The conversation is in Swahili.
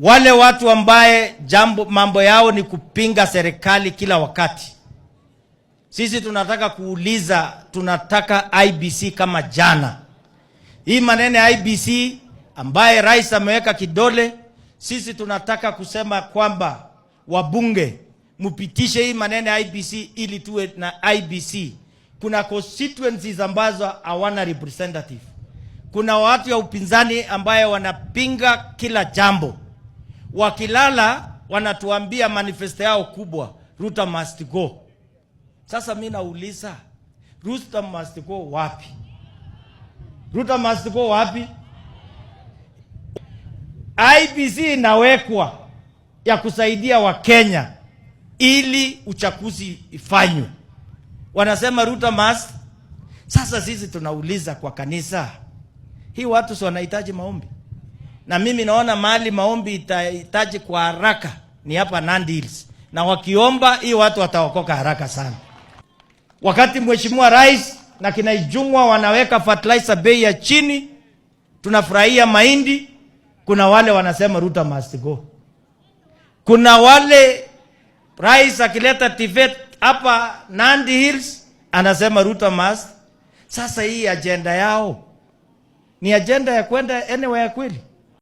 wale watu ambaye jambo mambo yao ni kupinga serikali kila wakati. Sisi tunataka kuuliza, tunataka IBC kama jana. Hii maneno ya IBC ambaye rais ameweka kidole, sisi tunataka kusema kwamba wabunge mpitishe hii maneno ya IBC ili tuwe na IBC. Kuna constituencies ambazo hawana representative. Kuna watu ya upinzani ambaye wanapinga kila jambo wakilala wanatuambia manifesto yao kubwa, Ruto must go. Sasa mimi nauliza Ruto must go wapi? Ruto must go wapi? IBC inawekwa ya kusaidia Wakenya ili uchaguzi ifanywe, wanasema Ruto must. Sasa sisi tunauliza kwa kanisa hii, watu si wanahitaji maombi? na mimi naona mali maombi itahitaji kwa haraka ni hapa Nandi Hills, na wakiomba hii watu wataokoka haraka sana. Wakati mheshimiwa rais na kinaijumwa wanaweka fertilizer bei ya chini, tunafurahia mahindi. Kuna wale wanasema Ruto must go, kuna wale rais akileta TVET hapa Nandi Hills anasema Ruto must. Sasa hii ajenda yao ni ajenda ya kwenda anywhere kweli?